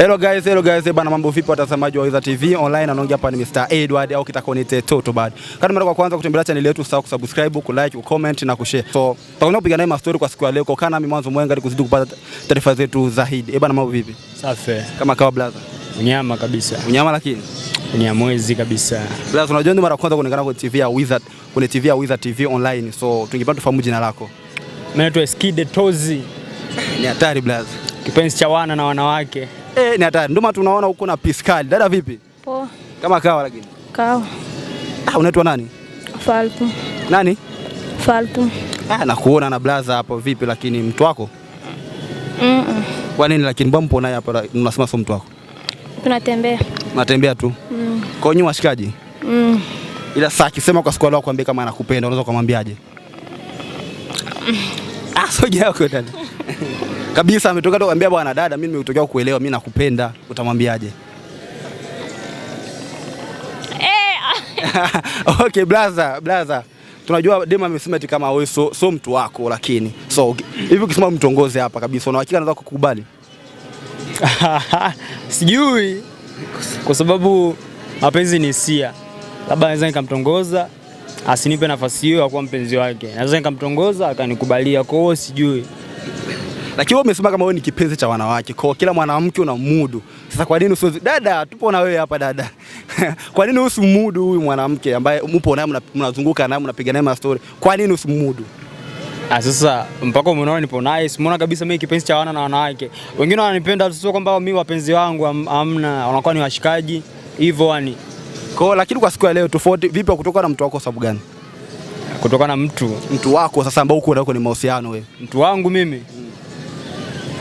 Hello guys, hello guys, eh, bana mambo vipi watazamaji wa Weza TV online, anaongea hapa ni Mr. Edward au kitakonite Toto Bad. Kama mara kwa kwanza kutembelea channel yetu, usahau kusubscribe, ku like, ku comment na ku share. So, tutakwenda kupiga naye story kwa siku ya leo. Kwa kana mimi mwanzo mwenga nikuzidi kupata taarifa zetu zaidi. Eh, bana mambo vipi? Safi. Kama kawa blaza. Unyama kabisa. Unyama lakini. Unyamwezi kabisa. Blaza, unajua ndio mara kwanza kuonekana kwa TV ya Wizard, kwenye TV ya Wizard TV online. So, tungependa tufahamu jina lako. Mimi naitwa Skide Tozi. Ni hatari blaza. Kipenzi cha wana na wanawake eh, ni hatari. Ndio maana tunaona huko na piskali. Dada vipi? Poa. Kama kawa lakini. Kawa. Ah, unaitwa nani? Faltu. Nani? Faltu. Ah, nakuona na blaza hapo vipi lakini mtu wako? Mm -mm. Kwa nini lakini mbona mpo naye hapa unasema sio mtu wako? Tunatembea. Natembea tu. Mm. Kwa nyuma washikaji? Mm. Ila saa akisema kwa siku leo kuambia kama anakupenda unaweza kumwambiaje? Mm. Ah, soja kwa dada kabisa, ametoka kuambia bwana dada, mimi nimetokea kukuelewa, mimi nakupenda, utamwambiaje? Eh. Okay, brother, brother. tunajua dema amesema eti kama wewe so, so mtu wako, lakini so hivi ukisema mtongoze hapa kabisa, una hakika anaweza kukubali? Sijui, kwa sababu mapenzi ni hisia, labda naweza nikamtongoza asinipe nafasi hiyo ya kuwa mpenzi wake, naweza nikamtongoza akanikubalia, kwa hiyo sijui. Lakini wewe umesema kama wewe ni kipenzi cha wanawake, kwa kila mwanamke una mudu. Sasa kwa nini usiwezi? Dada, tupo na wewe hapa dada. Kwa nini usimudu huyu mwanamke ambaye mpo naye, mnazunguka naye, mnapiga naye mastori? Kwa nini usimudu? Ah, sasa mpaka umeona nipo naye, simuona kabisa mimi kipenzi cha wana na wanawake. Wengine wananipenda sio kwamba mimi wapenzi wangu hamna, wanakuwa ni washikaji hivyo yani. Kwa lakini kwa siku ya leo tofauti vipi kutoka na mtu wako sababu gani? Kutoka na mtu mtu wako sasa ambao uko nao ni mahusiano wewe. Mtu wangu mimi. Mm.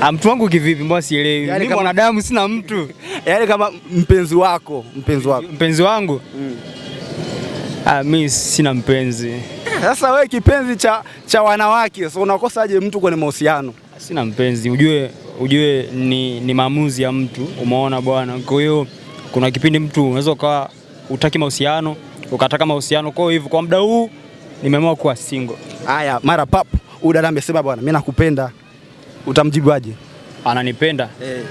Ah, mtu wangu kivipi? Mbona sielewi. Yaani mimi mwanadamu sina mtu. Yaani kama mpenzi wako, mpenzi wako. Mpenzi wangu? Mm. Ah, mimi sina mpenzi. Sasa wewe kipenzi cha, cha wanawake, so unakosaje mtu kwenye mahusiano? Sina mpenzi. Ujue ujue ni, ni maamuzi ya mtu, umeona bwana. Kwa hiyo kuna kipindi mtu unaweza ukawa utaki mahusiano, ukataka mahusiano. Kwa hiyo hivyo kwa muda huu nimeamua kuwa single. Haya, mara pap udada amesema bwana, mimi nakupenda utamjibuaje? Ananipenda eh.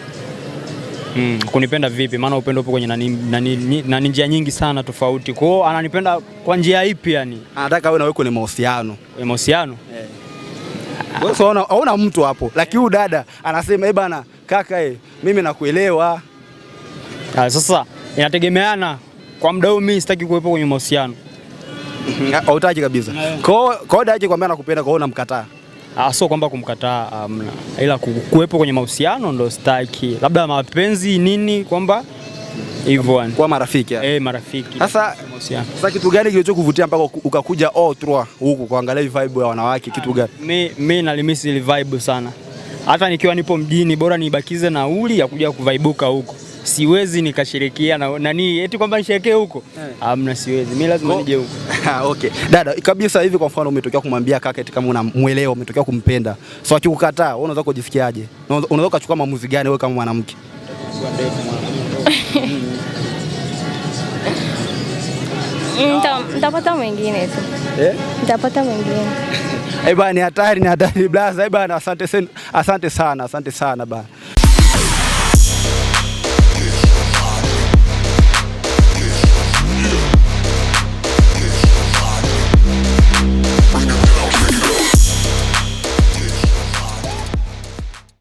Mm, kunipenda vipi? Maana upendo upo kwenye nani, nani, nani njia nyingi sana tofauti. Kwa hiyo ananipenda kwa njia ipi? Yani anataka awe na wewe kwenye mahusiano, kwenye mahusiano eh. Aona mtu hapo, lakini huyu dada anasema eh, bana kaka eh, mimi nakuelewa. Ah, sasa inategemeana kwa muda huu mimi sitaki kuwepo kwenye mahusiano. Hautaki kabisa. Eh. Kwa hiyo dada yake anakupenda, kwa hiyo unamkataa Ah, sio kwamba kumkataa, amna, ila kuwepo kwenye mahusiano ndo staki, labda mapenzi nini, kwamba hivyo kwa marafiki eh, marafiki. Sasa sasa, kitu gani kilichokuvutia mpaka ukakuja o trois huku kuangalia vibe ya wanawake? Kitu gani? Mimi ah, mimi nalimisi ile vibe sana, hata nikiwa nipo mjini, bora nibakize nauli ya kuja kuvaibuka huko siwezi nikasherekea na nani eti kwamba nisherekee huko eh. amna, siwezi mimi, lazima nije huko. Ah, okay dada, kabisa hivi. Kwa mfano umetokea kumwambia kaka eti kama unamuelewa, umetokea kumpenda, so akikukataa, wewe unaweza kujifikiaje? Unaweza kuchukua maamuzi gani wewe kama mwanamke? Mm, nitapata mwingine tu. Eh? Nitapata mwingine. Eh, bana ni hatari, ni hatari blaza. Eh bana, asante sana, asante sana bana.